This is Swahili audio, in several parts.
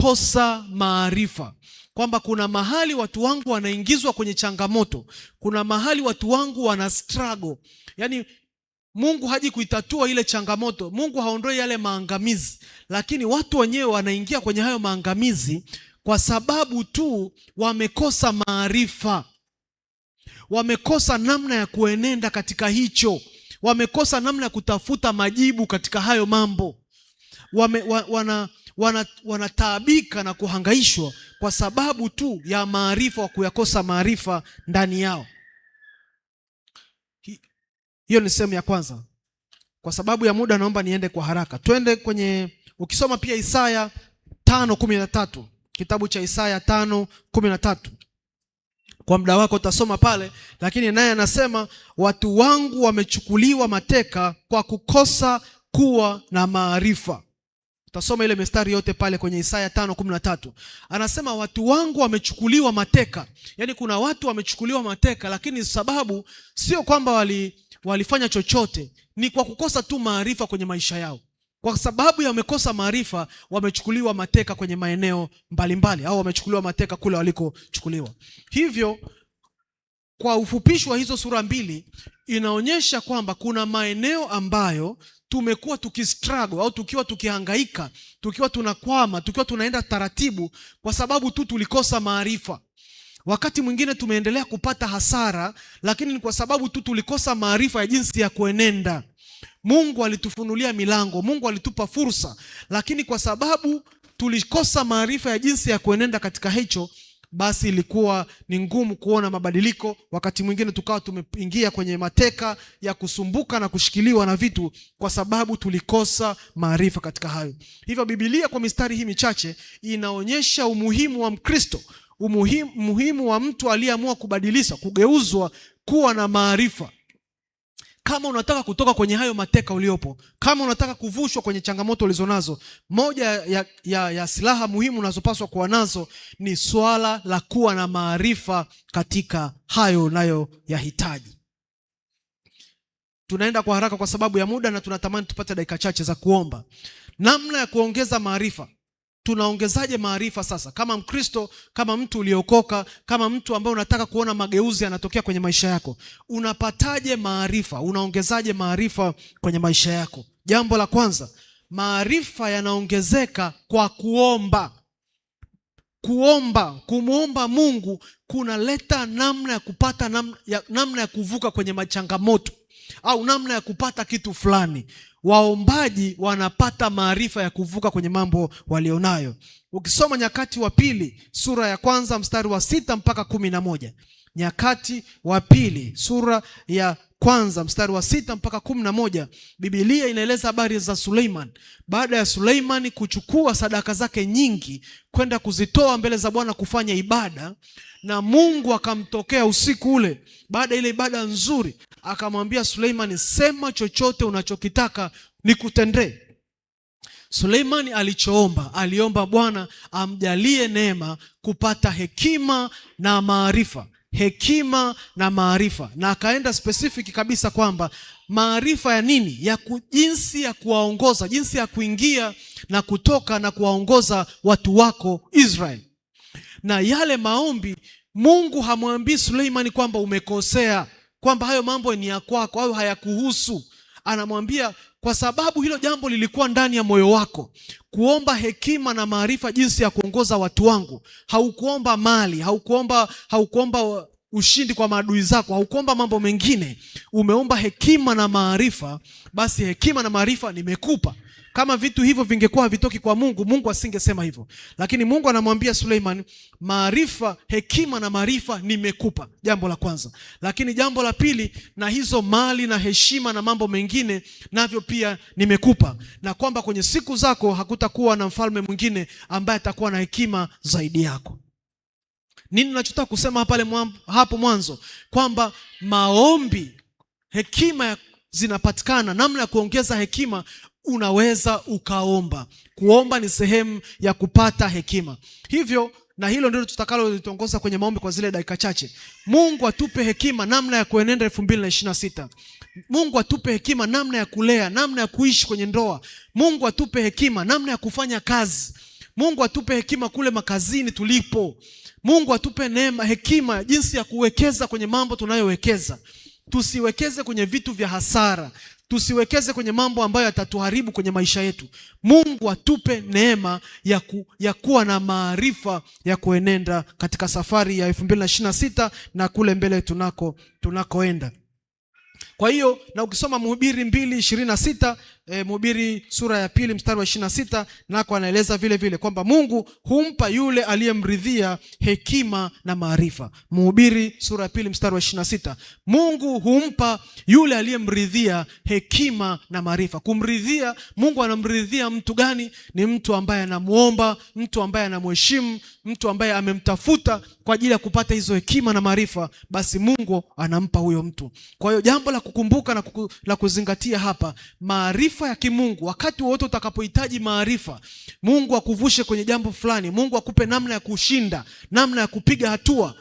kukosa maarifa, kwamba kuna mahali watu wangu wanaingizwa kwenye changamoto, kuna mahali watu wangu wana struggle. Yaani Mungu haji kuitatua ile changamoto, Mungu haondoi yale maangamizi, lakini watu wenyewe wanaingia kwenye hayo maangamizi kwa sababu tu wamekosa maarifa, wamekosa namna ya kuenenda katika hicho, wamekosa namna ya kutafuta majibu katika hayo mambo wame, wa, wana wanataabika na kuhangaishwa kwa sababu tu ya maarifa, wa kuyakosa maarifa ndani yao. Hiyo ni sehemu ya kwanza. Kwa sababu ya muda, naomba niende kwa haraka. Twende kwenye, ukisoma pia Isaya tano kumi na tatu kitabu cha Isaya tano kumi na tatu kwa muda wako utasoma pale, lakini naye anasema watu wangu wamechukuliwa mateka kwa kukosa kuwa na maarifa. Utasoma ile mistari yote pale kwenye Isaya tano kumi na tatu anasema watu wangu wamechukuliwa mateka. Yaani kuna watu wamechukuliwa mateka, lakini sababu sio kwamba wali, walifanya chochote, ni kwa kukosa tu maarifa kwenye maisha yao. Kwa sababu ya wamekosa maarifa, wamechukuliwa mateka kwenye maeneo mbalimbali, au wamechukuliwa mateka kule walikochukuliwa. Hivyo kwa ufupishi wa hizo sura mbili inaonyesha kwamba kuna maeneo ambayo tumekuwa tukistrago au tukiwa tukihangaika, tukiwa tunakwama, tukiwa tunaenda taratibu kwa sababu tu tulikosa maarifa. Wakati mwingine tumeendelea kupata hasara, lakini ni kwa sababu tu tulikosa maarifa ya jinsi ya kuenenda. Mungu alitufunulia milango, Mungu alitupa fursa, lakini kwa sababu tulikosa maarifa ya jinsi ya kuenenda katika hicho basi ilikuwa ni ngumu kuona mabadiliko. Wakati mwingine tukawa tumeingia kwenye mateka ya kusumbuka na kushikiliwa na vitu, kwa sababu tulikosa maarifa katika hayo. Hivyo Biblia kwa mistari hii michache inaonyesha umuhimu wa Mkristo, umuhimu, umuhimu wa mtu aliyeamua kubadilisha, kugeuzwa kuwa na maarifa kama unataka kutoka kwenye hayo mateka uliopo, kama unataka kuvushwa kwenye changamoto ulizonazo, moja ya, ya, ya silaha muhimu unazopaswa kuwa nazo ni swala la kuwa na maarifa katika hayo unayoyahitaji. Tunaenda kwa haraka kwa sababu ya muda na tunatamani tupate dakika chache za kuomba namna ya kuongeza maarifa tunaongezaje maarifa sasa, kama Mkristo, kama mtu uliokoka, kama mtu ambaye unataka kuona mageuzi yanatokea kwenye maisha yako? Unapataje maarifa? Unaongezaje maarifa kwenye maisha yako? Jambo la kwanza, maarifa yanaongezeka kwa kuomba. Kuomba, kumwomba Mungu kunaleta namna ya kupata namna ya, namna ya kuvuka kwenye machangamoto au namna ya kupata kitu fulani. Waombaji wanapata maarifa ya kuvuka kwenye mambo walionayo. Ukisoma Nyakati wa Pili sura ya kwanza mstari wa sita mpaka kumi na moja Nyakati wa Pili sura ya kwanza mstari wa sita mpaka kumi na moja Biblia inaeleza habari za Suleiman. Baada ya Suleiman kuchukua sadaka zake nyingi kwenda kuzitoa mbele za Bwana kufanya ibada, na Mungu akamtokea usiku ule, baada ile ibada nzuri, akamwambia Suleiman, sema chochote unachokitaka nikutendee. suleiman alichoomba, aliomba Bwana amjalie neema kupata hekima na maarifa hekima na maarifa, na akaenda specific kabisa kwamba maarifa ya nini, ya jinsi ya kuwaongoza, jinsi ya kuingia na kutoka na kuwaongoza watu wako israel Na yale maombi, Mungu hamwambii Suleimani kwamba umekosea, kwamba hayo mambo ni ya kwako au hayakuhusu anamwambia kwa sababu hilo jambo lilikuwa ndani ya moyo wako, kuomba hekima na maarifa jinsi ya kuongoza watu wangu. Haukuomba mali, haukuomba haukuomba ushindi kwa maadui zako, haukuomba mambo mengine, umeomba hekima na maarifa. Basi hekima na maarifa nimekupa. Kama vitu hivyo vingekuwa havitoki kwa Mungu, Mungu asingesema hivyo. Lakini Mungu anamwambia Suleiman, maarifa, hekima na maarifa nimekupa, jambo la kwanza. Lakini jambo la pili, na hizo mali na heshima na mambo mengine navyo pia nimekupa, na kwamba kwenye siku zako hakutakuwa na mfalme mwingine ambaye atakuwa na hekima zaidi yako. Nini nachotaka kusema pale hapo mwanzo, kwamba maombi, hekima ya zinapatikana namna ya kuongeza hekima unaweza ukaomba. Kuomba ni sehemu ya kupata hekima, hivyo na hilo ndilo tutakalo litongoza kwenye maombi kwa zile dakika chache. Mungu atupe hekima namna ya kuenenda elfu mbili na ishirina sita. Mungu atupe hekima namna ya kulea, namna ya kuishi kwenye ndoa. Mungu atupe hekima namna ya kufanya kazi. Mungu atupe hekima kule makazini tulipo. Mungu atupe neema, hekima jinsi ya kuwekeza kwenye mambo tunayowekeza. Tusiwekeze kwenye vitu vya hasara. Tusiwekeze kwenye mambo ambayo yatatuharibu kwenye maisha yetu. Mungu atupe neema ya, ku, ya kuwa na maarifa ya kuenenda katika safari ya 2026 na kule mbele tunako tunakoenda. Kwa hiyo na ukisoma Mhubiri mbili ishirini na sita e, eh, mubiri sura ya pili mstari wa ishirini na sita nako anaeleza vile vile kwamba Mungu humpa yule aliyemridhia hekima na maarifa. mubiri sura ya pili mstari wa ishirini sita Mungu humpa yule aliyemridhia hekima na maarifa. Kumridhia, Mungu anamridhia mtu gani? Ni mtu ambaye anamwomba, mtu ambaye anamheshimu, mtu ambaye amemtafuta kwa ajili ya kupata hizo hekima na maarifa, basi Mungu anampa huyo mtu. Kwa hiyo jambo la kukumbuka na kuku, la kuzingatia hapa maarifa maarifa ya kimungu. Wakati wote utakapohitaji maarifa, Mungu akuvushe kwenye jambo fulani, Mungu akupe namna ya kushinda, namna ya kupiga hatua,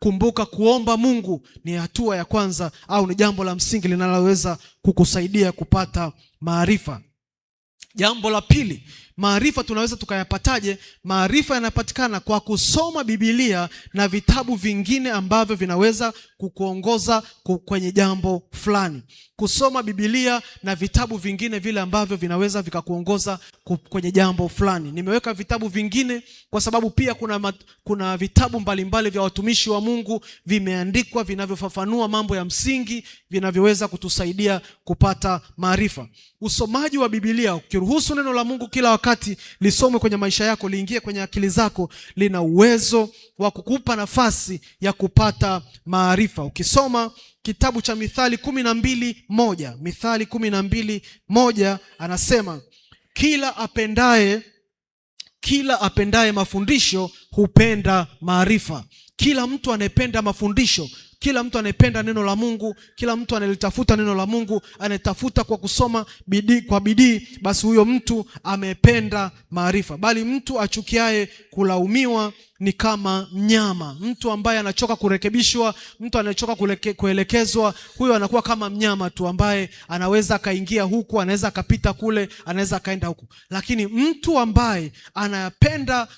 kumbuka kuomba Mungu ni hatua ya kwanza, au ni jambo la msingi linaloweza kukusaidia kupata maarifa. Jambo la pili Maarifa tunaweza tukayapataje? Maarifa yanapatikana kwa kusoma bibilia na vitabu vingine ambavyo vinaweza kukuongoza kwenye jambo fulani. Kusoma bibilia na vitabu vingine vile ambavyo vinaweza vikakuongoza kwenye jambo fulani. Nimeweka vitabu vingine kwa sababu pia kuna, mat, kuna vitabu mbalimbali mbali vya watumishi wa Mungu vimeandikwa vinavyofafanua mambo ya msingi vinavyoweza kutusaidia kupata maarifa. Usomaji wa bibilia ukiruhusu neno la Mungu kila wakati lisomwe kwenye maisha yako, liingie kwenye akili zako, lina uwezo wa kukupa nafasi ya kupata maarifa. Ukisoma kitabu cha Mithali kumi na mbili moja Mithali kumi na mbili moja anasema kila apendaye kila apendaye mafundisho hupenda maarifa. Kila mtu anayependa mafundisho kila mtu anayependa neno la Mungu, kila mtu anayelitafuta neno la Mungu, anayetafuta kwa kusoma bidii, kwa bidii, basi huyo mtu amependa maarifa, bali mtu achukiaye kulaumiwa ni kama mnyama. Mtu ambaye anachoka kurekebishwa, mtu anachoka kuleke, kuelekezwa, huyo anakuwa kama mnyama tu ambaye anaweza akaingia huku, anaweza akapita kule, anaweza akaenda huku. Lakini mtu ambaye anapenda,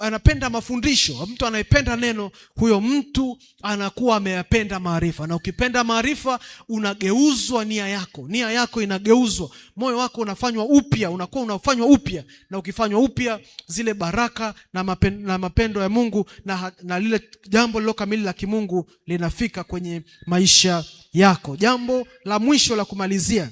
anapenda mafundisho, mtu anayependa neno, huyo mtu anakuwa ameyapenda maarifa. Na ukipenda maarifa, unageuzwa nia yako, nia yako inageuzwa, moyo wako unafanywa upya, unakuwa unafanywa upya, na ukifanywa upya, zile baraka na mapendo ya Mungu na, na lile jambo lilo kamili la kimungu linafika kwenye maisha yako. Jambo la mwisho la kumalizia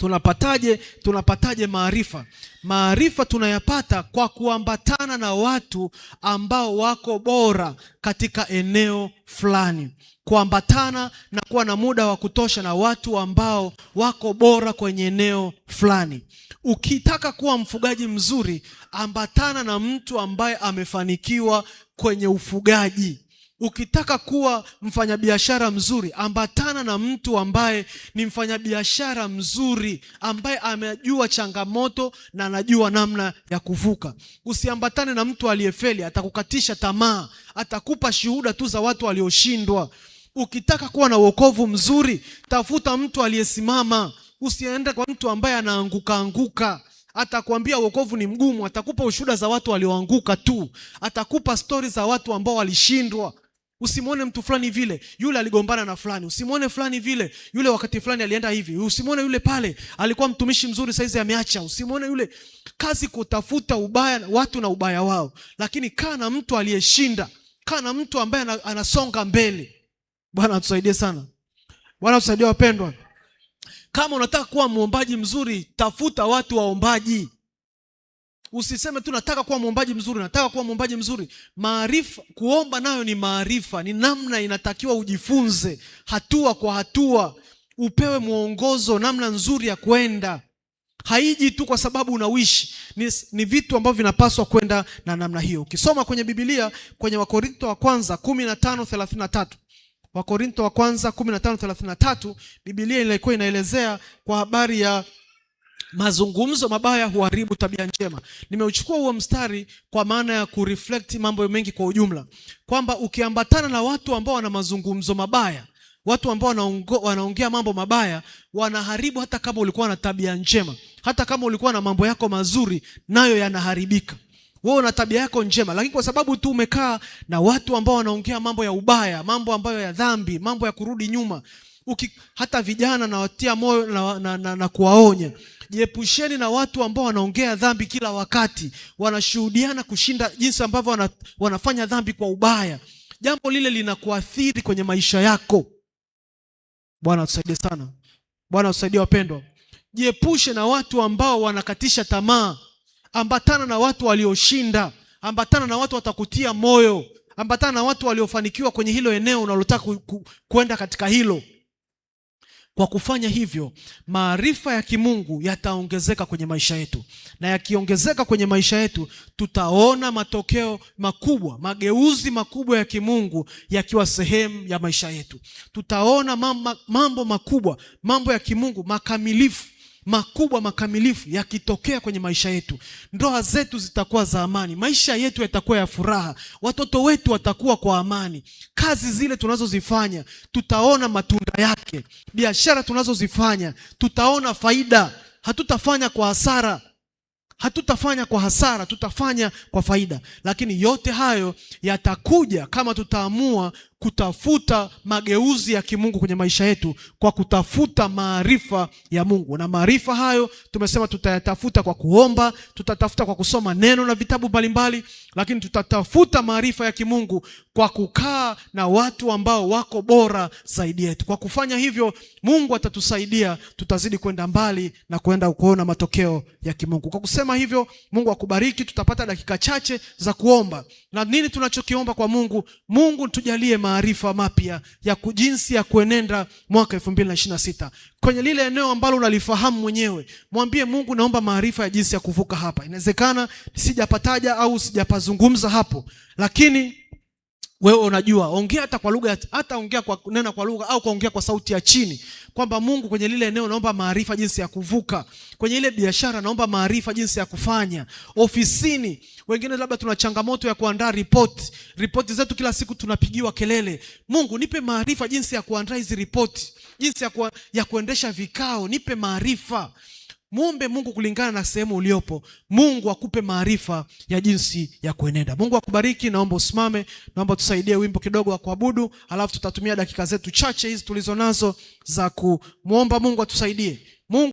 Tunapataje? Tunapataje maarifa? Maarifa tunayapata kwa kuambatana na watu ambao wako bora katika eneo fulani, kuambatana na kuwa na muda wa kutosha na watu ambao wako bora kwenye eneo fulani. Ukitaka kuwa mfugaji mzuri, ambatana na mtu ambaye amefanikiwa kwenye ufugaji. Ukitaka kuwa mfanyabiashara mzuri, ambatana na mtu ambaye ni mfanyabiashara mzuri, ambaye amejua changamoto na anajua namna ya kuvuka. Usiambatane na mtu aliyefeli, atakukatisha tamaa, atakupa shuhuda tu za watu walioshindwa. Ukitaka kuwa na wokovu mzuri, tafuta mtu aliyesimama. Usiende kwa mtu ambaye anaanguka anguka Atakwambia wokovu ni mgumu, atakupa ushuhuda za watu walioanguka tu, atakupa stori za watu ambao walishindwa. Usimwone mtu fulani vile, yule aligombana na fulani. Usimwone fulani vile, yule wakati fulani alienda hivi. Usimwone yule pale, alikuwa mtumishi mzuri, saizi ameacha. Usimwone yule, kazi kutafuta ubaya watu na ubaya wao, lakini kaa na mtu aliyeshinda, kaa na mtu ambaye anasonga mbele. Bwana atusaidie sana, Bwana atusaidie wapendwa. Kama unataka kuwa mwombaji mzuri, tafuta watu waombaji. Usiseme tu nataka kuwa mwombaji mzuri, nataka kuwa mwombaji mzuri. Maarifa, kuomba nayo ni maarifa, ni namna inatakiwa ujifunze hatua kwa hatua, upewe mwongozo, namna nzuri ya kwenda. Haiji tu kwa sababu unawishi, ni, ni vitu ambavyo vinapaswa kwenda na namna hiyo. Ukisoma kwenye Biblia kwenye Wakorinto wa kwanza 15:33 Wakorinto wa kwanza 15:33 Biblia ilikuwa inaelezea kwa habari ya Mazungumzo mabaya huharibu tabia njema. Nimeuchukua huo mstari kwa maana ya kureflect mambo mengi kwa ujumla, kwamba ukiambatana na watu ambao wana mazungumzo mabaya, watu ambao wanaongea mambo mabaya, wanaharibu hata kama ulikuwa na tabia njema. Hata kama ulikuwa na mambo yako mazuri, nayo yanaharibika. Wewe una tabia yako njema, lakini kwa sababu tu umekaa na watu ambao wanaongea mambo ya ubaya, mambo ambayo ya dhambi, mambo ya kurudi nyuma uki, hata vijana nawatia moyo na, na, na, na kuwaonya, jiepusheni na watu ambao wanaongea dhambi kila wakati, wanashuhudiana kushinda jinsi ambavyo wana, wanafanya dhambi kwa ubaya. Jambo lile linakuathiri kwenye maisha yako. Bwana atusaidie sana. Bwana atusaidie wapendwa. Jiepushe na watu ambao wanakatisha tamaa. Ambatana na watu walioshinda, ambatana na watu watakutia moyo, ambatana na watu waliofanikiwa kwenye hilo eneo unalotaka kwenda ku, ku, katika hilo kwa kufanya hivyo, maarifa ya kimungu yataongezeka kwenye maisha yetu, na yakiongezeka kwenye maisha yetu, tutaona matokeo makubwa, mageuzi makubwa ya kimungu yakiwa sehemu ya maisha yetu. Tutaona mambo makubwa, mambo ya kimungu makamilifu makubwa makamilifu yakitokea kwenye maisha yetu, ndoa zetu zitakuwa za amani, maisha yetu yatakuwa ya furaha, watoto wetu watakuwa kwa amani, kazi zile tunazozifanya tutaona matunda yake, biashara tunazozifanya tutaona faida. Hatutafanya kwa hasara, hatutafanya kwa hasara, tutafanya kwa faida. Lakini yote hayo yatakuja kama tutaamua kutafuta mageuzi ya kimungu kwenye maisha yetu kwa kutafuta maarifa ya Mungu, na maarifa hayo tumesema tutayatafuta kwa kuomba, tutatafuta kwa kusoma neno na vitabu mbalimbali, lakini tutatafuta maarifa ya kimungu kwa kukaa na watu ambao wako bora zaidi yetu. Kwa kufanya hivyo, Mungu atatusaidia, tutazidi kwenda mbali na kwenda kuona matokeo ya kimungu. Kwa kusema hivyo, Mungu akubariki. Tutapata dakika chache za kuomba, na nini tunachokiomba kwa Mungu? Mungu tujalie maarifa mapya ya jinsi ya kuenenda mwaka 2026. Kwenye lile eneo ambalo unalifahamu mwenyewe, mwambie Mungu, naomba maarifa ya jinsi ya kuvuka hapa. Inawezekana sijapataja au sijapazungumza hapo, lakini wewe unajua, ongea hata kwa lugha, hata ongea kwa nena kwa lugha au kaongea kwa sauti ya chini, kwamba Mungu, kwenye lile eneo naomba maarifa jinsi ya kuvuka, kwenye ile biashara naomba maarifa jinsi ya kufanya, ofisini. Wengine labda tuna changamoto ya kuandaa ripoti, ripoti zetu kila siku tunapigiwa kelele. Mungu, nipe maarifa jinsi ya kuandaa hizi ripoti, jinsi ya, ku, ya kuendesha vikao, nipe maarifa mwombe Mungu kulingana na sehemu uliopo. Mungu akupe maarifa ya jinsi ya kuenenda. Mungu akubariki. Naomba usimame, naomba tusaidie wimbo kidogo wa kuabudu, alafu tutatumia dakika zetu chache hizi tulizo nazo za kumwomba Mungu atusaidie.